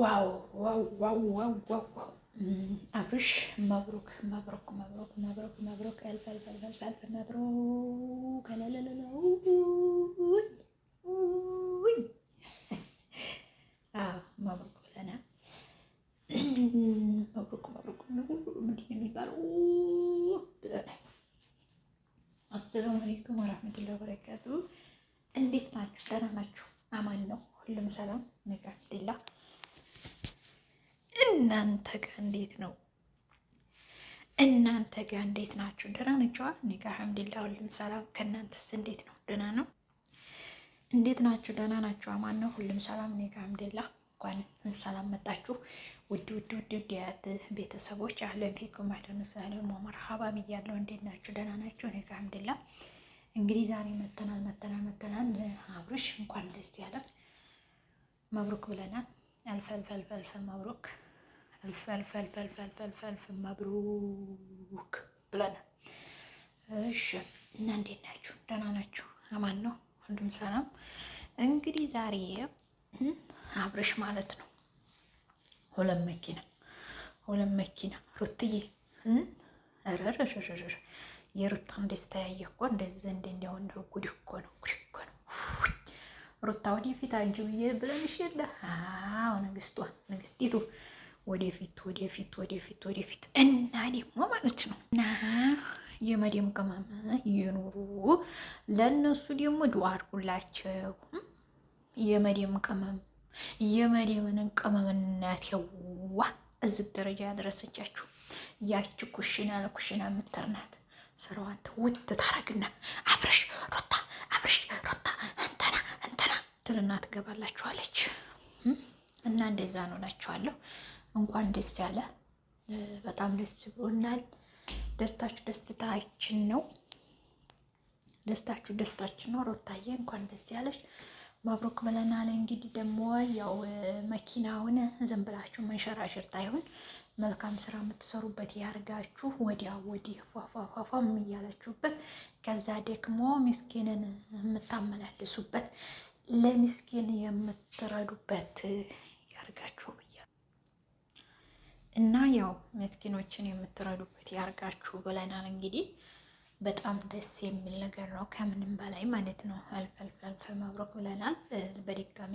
ዋው ዋው ዋው ዋው ዋው ዋው አብርሽ መብሩክ መብሩክ መብሩክ መብሩክ መብሩክ እልፍ እልፍ እልፍ እልፍ መብሩክ ለለለለው ውይ አዎ መብሩክ ብለናል። መብሩክ መብሩክ ምንድን ነው የሚባለው? ብለናል። አሰላሙ አለይኩም ወራህመቱላሂ ወበረካቱ። እንዴት ናችሁ? ደህና ናችሁ? አማን ነው? ሁሉም ሰላም እናንተ ጋር እንዴት ነው? እናንተ ጋር እንዴት ናችሁ? ደህና ናችኋ? እኔ ጋር አልሐምዱሊላህ ሁሉም ሰላም። ከእናንተስ እንዴት ነው? ደህና ነው? እንዴት ናችሁ? ደህና ናችሁ? አማን ነው? ሁሉም ሰላም። እኔ ጋር አልሐምዱሊላህ። እንኳን ሰላም መጣችሁ ውድ ውድ ውድ ውድ ቤተሰቦች፣ አህለን ፊኩም አህለን ወሰህለን ወመርሐባን እያለሁ እንዴት ናችሁ? ደህና ናችሁ? እኔ ጋር አልሐምዱሊላህ። እንግዲህ ዛሬ መተናል መተናል መተናል። አብርሽ እንኳን ደስ ያለ መብሩክ ብለናል። አልፈልፈልፈልፈ መብሩክ እልፈልፈልፈልፈልፈልፍ መብሩክ ብለናል። እሺ እና እንዴት ናችሁ? ደህና ናችሁ? አማን ነው ሁሉም ሰላም። እንግዲህ ዛሬ አብረሽ ማለት ነው ሁለት መኪና ሁለት መኪና ሩትዬ ረረረረረ የሩታን ደስታ ያየ እኮ እንደዚህ እንደ እንዲሆን ጉድ እኮ ነው፣ ጉድ እኮ ነው። ሩታ ወደፊት አጅብዬ ብለንሽ የለ አዎ ንግስቷ ንግስቲቱ ወደፊት ወደፊት ወደፊት ወደፊት እና ደግሞ ማለት ነው እና የመዲም ቅመም እየኖሩ ለእነሱ ደግሞ ዱዓ አድርጉላቸው። የመዲም ቅመም የመዲምን ቅመምነት የዋ እዚህ ደረጃ ያደረሰቻችሁ ያቺ ኩሽና ለኩሽና የምትርናት ስራዋን ትውት ታረግና አብረሽ ሮታ አብረሽ ሮታ እንተና እንተና ትልና ትገባላችኋለች እና እንደዛ ነው እላችኋለሁ። እንኳን ደስ ያለ። በጣም ደስ ብሎናል። ደስታችሁ ደስታችን ነው። ደስታችሁ ደስታችን ነው። ሮታዬ እንኳን ደስ ያለሽ። ማብሮክ ብለናል። እንግዲህ ደግሞ ያው ሆነ ዝም ብላችሁ መንሸራሸር አይሆን መልካም ስራ የምትሰሩበት ያርጋችሁ። ወዲያ ወዲህ ፏፏፏፏ የሚያላችሁበት ከዛ ደግሞ ምስኪንን የምታመላልሱበት ለምስኪን የምትረዱበት ያርጋችሁ። ያው ምስኪኖችን የምትረዱበት ያርጋችሁ ብለናል። እንግዲህ በጣም ደስ የሚል ነገር ነው፣ ከምንም በላይ ማለት ነው። አልፍ አልፍ አልፍ መብሮክ ብለናል። በድጋሜ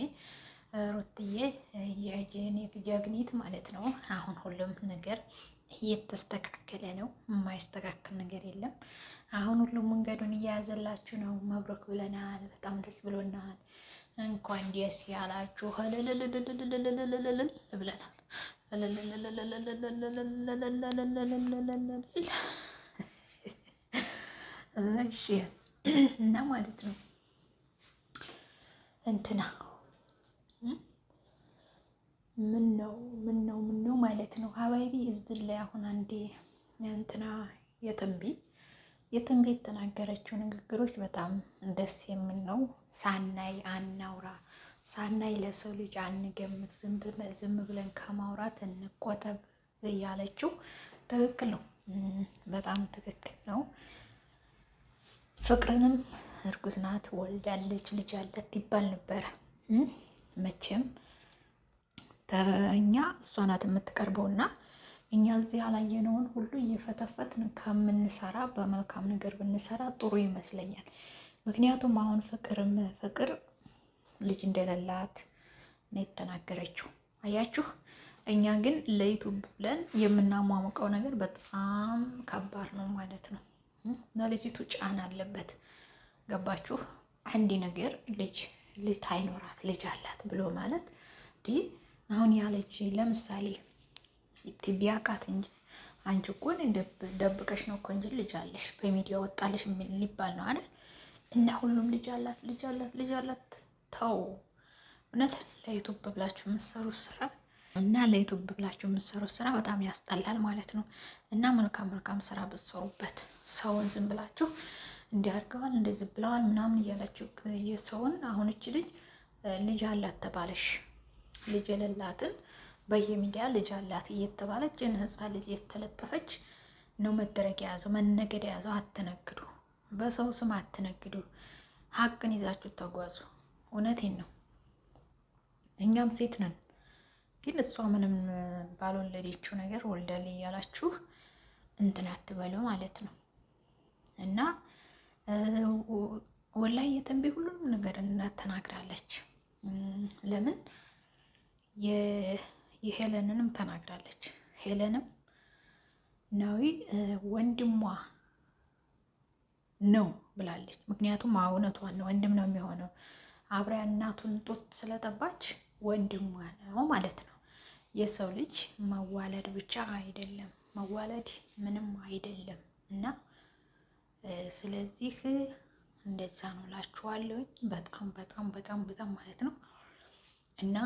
ሩትዬ የጀኔት ጀግኒት ማለት ነው። አሁን ሁሉም ነገር እየተስተካከለ ነው። የማይስተካከል ነገር የለም። አሁን ሁሉም መንገዱን እየያዘላችሁ ነው። መብሮክ ብለናል። በጣም ደስ ብሎናል። እንኳን ደስ ያላችሁ ብለናል። እሺ እና ማለት ነው እንትና ምን ነው ምን ነው ምን ነው ማለት ነው ሀባይቢ እዚህ ላይ አሁን አንዴ እንትና የትንቢ የትንቢ የተናገረችው ንግግሮች በጣም ደስ የሚል ነው። ሳናይ አናውራ ሳናይ ለሰው ልጅ አንገምት፣ ዝም ብለን ከማውራት እንቆጠብ እያለችው ትክክል ነው። በጣም ትክክል ነው። ፍቅርንም እርጉዝ ናት ወልዳለች፣ ልጅ አላት ይባል ነበረ። መቼም እኛ እሷ ናት እና እኛ እዚህ ያላየነውን ሁሉ እየፈተፈትን ከምንሰራ በመልካም ነገር ብንሰራ ጥሩ ይመስለኛል። ምክንያቱም አሁን ፍቅርም ፍቅር ልጅ እንደሌላት ነው የተናገረችው። አያችሁ፣ እኛ ግን ለዩቱብ ብለን የምናሟሙቀው ነገር በጣም ከባድ ነው ማለት ነው። እና ልጅቱ ጫና አለበት። ገባችሁ? አንድ ነገር ልጅ ልጅ አይኖራት ልጅ አላት ብሎ ማለት እንዲህ አሁን ያለች ለምሳሌ ቢያውቃት እንጂ አንቺ እኮ ደብቀሽ ነው እኮ እንጂ ልጅ አለሽ በሚዲያ ወጣለሽ ሊባል ነው አይደል? እና ሁሉም ልጅ አላት ልጅ አላት ልጅ አላት ተው። እውነት ለዩቱብ ብላችሁ የምትሰሩት ስራ እና ለዩቱብ ብላችሁ የምትሰሩት ስራ በጣም ያስጠላል ማለት ነው። እና መልካም መልካም ስራ ብትሰሩበት ሰውን ዝም ብላችሁ እንዲያርገዋል እንደዚህ ብለዋል ምናምን እያላችሁ የሰውን አሁን እች ልጅ ልጅ አላት ተባለሽ ልጅ የሌላትን በየሚዲያ ልጅ አላት እየተባለች ህፃን ልጅ የተለጠፈች ነው መደረግ የያዘው መነገድ የያዘው። አትነግዱ፣ በሰው ስም አትነግዱ። ሀቅን ይዛችሁ ተጓዙ። እውነቴን ነው። እኛም ሴት ነን። ግን እሷ ምንም ባልወለደችው ነገር ወልዳል እያላችሁ እንትን አትበሉ ማለት ነው። እና ወላይ የትንቢ ሁሉንም ነገር እናተናግራለች። ለምን የሄለንንም ተናግራለች። ሄለንም ናዊ ወንድሟ ነው ብላለች። ምክንያቱም እውነቷን ነው፣ ወንድም ነው የሚሆነው አብራ እናቱን ጡት ስለጠባች ወንድሟ ነው ማለት ነው። የሰው ልጅ መዋለድ ብቻ አይደለም፣ መዋለድ ምንም አይደለም እና ስለዚህ እንደዛ ነው እላችኋለሁኝ። በጣም በጣም በጣም በጣም ማለት ነው እና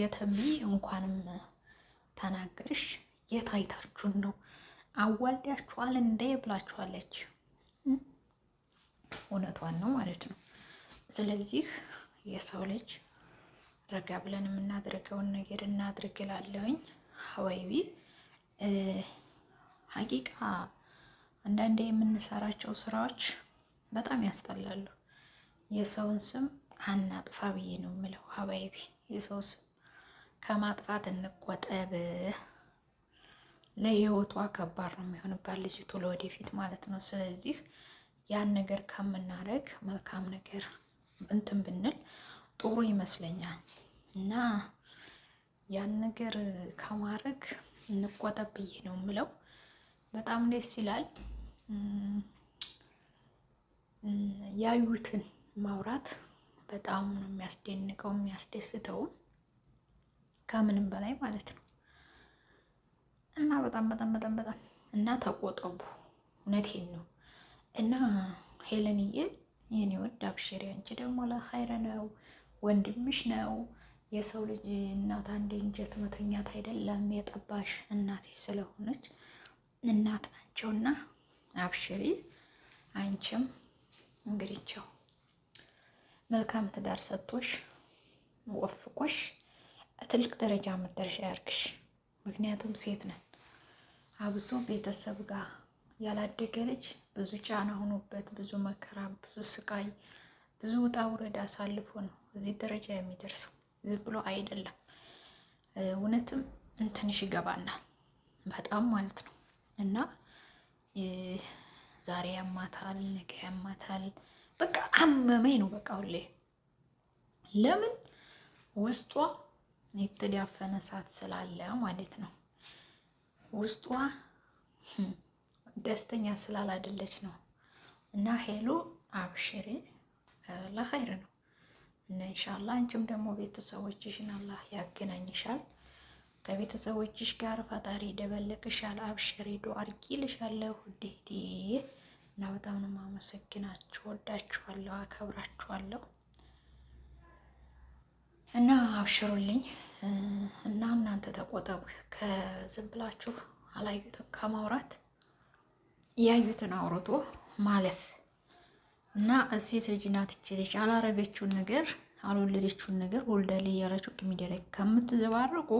የተቢ እንኳንም ተናገርሽ። የት ነው አዋልዳችኋል እንዴ ብላችኋለች። እውነቷን ነው ማለት ነው። ስለዚህ የሰው ልጅ ረጋ ብለን የምናደርገውን ነገር እናድርግ እላለሁኝ። ሀዋይቢ ሀቂቃ አንዳንዴ የምንሰራቸው ስራዎች በጣም ያስጠላሉ። የሰውን ስም አናጥፋ ብዬ ነው የምለው። ሀዋይቢ የሰው ስም ከማጥፋት እንቆጠብ። ለህይወቷ ከባድ ነው የሚሆንባት ልጅቱ ለወደፊት ማለት ነው። ስለዚህ ያን ነገር ከምናደርግ መልካም ነገር እንትን ብንል ጥሩ ይመስለኛል እና ያን ነገር ከማድረግ እንቆጠብ ብዬ ነው የምለው። በጣም ደስ ይላል። ያዩትን ማውራት በጣም ነው የሚያስደንቀው የሚያስደስተው ከምንም በላይ ማለት ነው እና በጣም በጣም በጣም በጣም እና ተቆጠቡ። እውነቴን ነው እና ሄለንዬ የኔ ወድ አብሽሪ፣ አንቺ ደግሞ ለኸይር ነው፣ ወንድምሽ ነው። የሰው ልጅ እናት አንዴ እንጀት መተኛት አይደለም የጠባሽ እናቴ ስለሆነች እናት ናቸውና አብሽሪ። አንቺም እንግዲቸው መልካም ትዳር ሰጥቶሽ ወፍቆሽ ትልቅ ደረጃ መደረሻ ያርግሽ። ምክንያቱም ሴት ነን አብሶ ቤተሰብ ጋር ያላደገ ልጅ ብዙ ጫና ሆኖበት ብዙ መከራ፣ ብዙ ስቃይ፣ ብዙ ውጣ ውረድ አሳልፎ ነው እዚህ ደረጃ የሚደርሰው። ዝም ብሎ አይደለም። እውነትም እንትንሽ ይገባናል በጣም ማለት ነው። እና ዛሬ ያማታል፣ ነገ ያማታል። በቃ አመመኝ ነው በቃ ሁሌ። ለምን ውስጧ የተዳፈነ እሳት ስላለ ማለት ነው ውስጧ ደስተኛ ስላላደለች ነው። እና ሄሉ አብሽሪ ለኸይር ነው እና ኢንሻላ አንቺም ደግሞ ቤተሰቦችሽን አላህ ያገናኝሻል። ከቤተሰቦችሽ ጋር ፈጣሪ ደበለቅሻል። አብሽሪ ዱዓ አድርጊ እልሻለሁ። ውዴቴ እና በጣም ነው ማመሰግናችሁ። ወዳችኋለሁ፣ አከብራችኋለሁ እና አብሽሩልኝ እና እናንተ ተቆጠቡ ከዝም ብላችሁ አላዩትም ከማውራት ያዩትን አውርቶ ማለፍ እና ሴት ልጅ ናት ልጅ አላረገችውን ነገር አልወለደችውን ነገር ወልዳለች እያላችሁ ሚዲያ ከምትዘባርቁ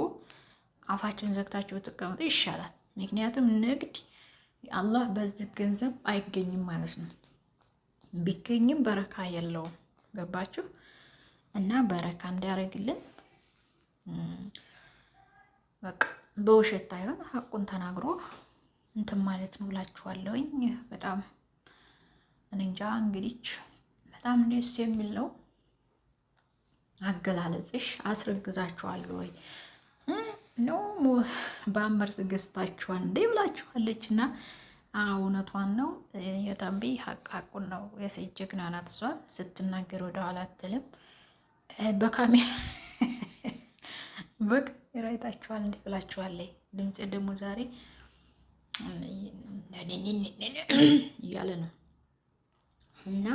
አፋችን ዘግታችሁ ብትቀመጡ ይሻላል። ምክንያቱም ንግድ አላህ በዚህ ገንዘብ አይገኝም ማለት ነው። ቢገኝም በረካ የለውም። ገባችሁ? እና በረካ እንዲያደርግልን በቃ በውሸት አይሆን ሀቁን ተናግሮ እንትን ማለት ነው ብላችኋለሁኝ። በጣም እንጃ እንግዲህ በጣም ደስ የሚል ነው አገላለጽሽ አስረግዛችኋል ወይ ኖ በአመር ገዝታችኋል እንዴ ብላችኋለች። እና እውነቷን ነው የጠንቤ ሀቃቁን ነው የሰጀግና ናት። እሷ ስትናገር ወደ ኋላ አትልም። በካሜራ በቃ የራይታችኋል እንዴ ብላችኋለች። ድምፄ ደግሞ ዛሬ እያለ ነው እና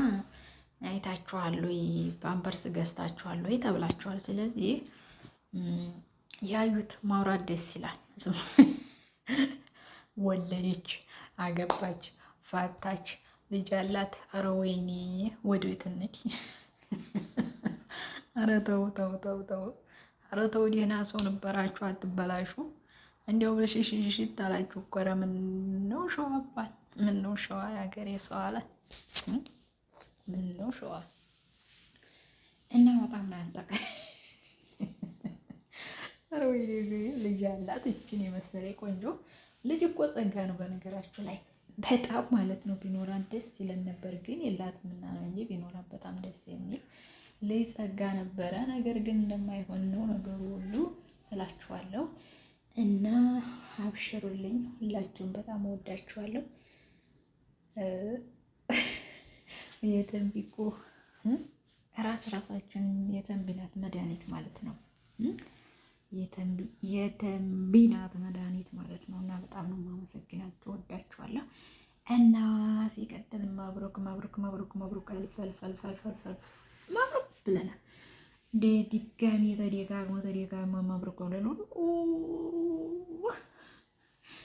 አይታችኋል ወይ ፓምፐርስ ገዝታችኋል ወይ ተብላችኋል። ስለዚህ ያዩት ማውራት ደስ ይላል። ወለደች፣ አገባች፣ ፋታች፣ ልጅ አላት፣ ኧረ ወይኔ ወደ ቤትነት ኧረ ተው ተው ተው ተው፣ ኧረ ተው ደህና ሰው ነበራችሁ፣ አትበላሹ። እንዲያው ብልሽሽሽት አላችሁ እኮ ኧረ ምን ነው ሸዋ አባል ምን ነው ሸዋ ያገሬ ሰው አለ ምን ነው ሸዋ እና በጣም ናንጠቀ ኧረ ወይኔ ልጅ አላት እችን የመሰለ ቆንጆ ልጅ እኮ ጸጋ ነው በነገራችሁ ላይ በጣም ማለት ነው ቢኖራት ደስ ይለን ነበር ግን የላትም እና ነው እንጂ ቢኖራት በጣም ደስ የሚል ልጅ ጸጋ ነበረ ነገር ግን እንደማይሆን ነው ነገሩ ሁሉ እላችኋለሁ እና አብሽሩልኝ። ሁላችሁም በጣም ወዳችኋለሁ። የተንቢ ራስ ራሳችን የተንቢናት መድኃኒት ማለት ነው። የተንቢናት መድኃኒት ማለት ነው። እና በጣም ነው የማመሰግናችሁ፣ ወዳችኋለሁ እና ሲቀጥል ማብሮክ ማብሮክ ማብሮክ ማብሮክ አልፍ ማብሮክ ብለናል። አልፍ መብሩክ ብለናል። ድጋሚ ተደጋግሞ ተደጋግሞ መብሩክ ብለናል።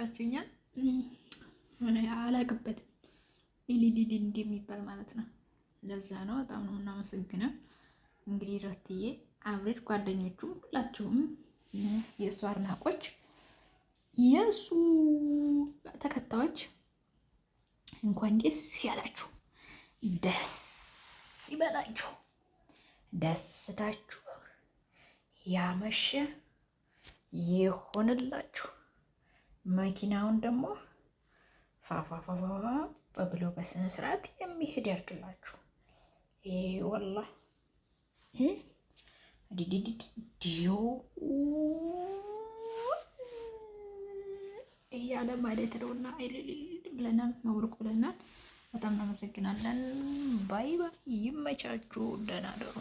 ናፍቃችሁኛል። አላቅበትም ሊሊዲ እንደሚባል ማለት ነው። ለዛ ነው በጣም ነው የምናመሰግነው። እንግዲህ ረትዬ አብሬድ ጓደኞቹም ሁላችሁም የእሱ አድናቆች የእሱ ተከታዮች እንኳን ደስ ያላችሁ፣ ደስ ይበላችሁ፣ ደስታችሁ ያመሸ ይሆንላችሁ። መኪናውን ደግሞ ፋፋፋፋ በብሎ በስነ ስርዓት የሚሄድ ያርግላችሁ። ይሄ ወላ ዲዲዲዲዮ እያለ ማለት ነው እና አይልልል ብለናል፣ መብሩክ ብለናል። በጣም እናመሰግናለን። ባይ ባይ። ይመቻችሁ። ደህና ደሩ።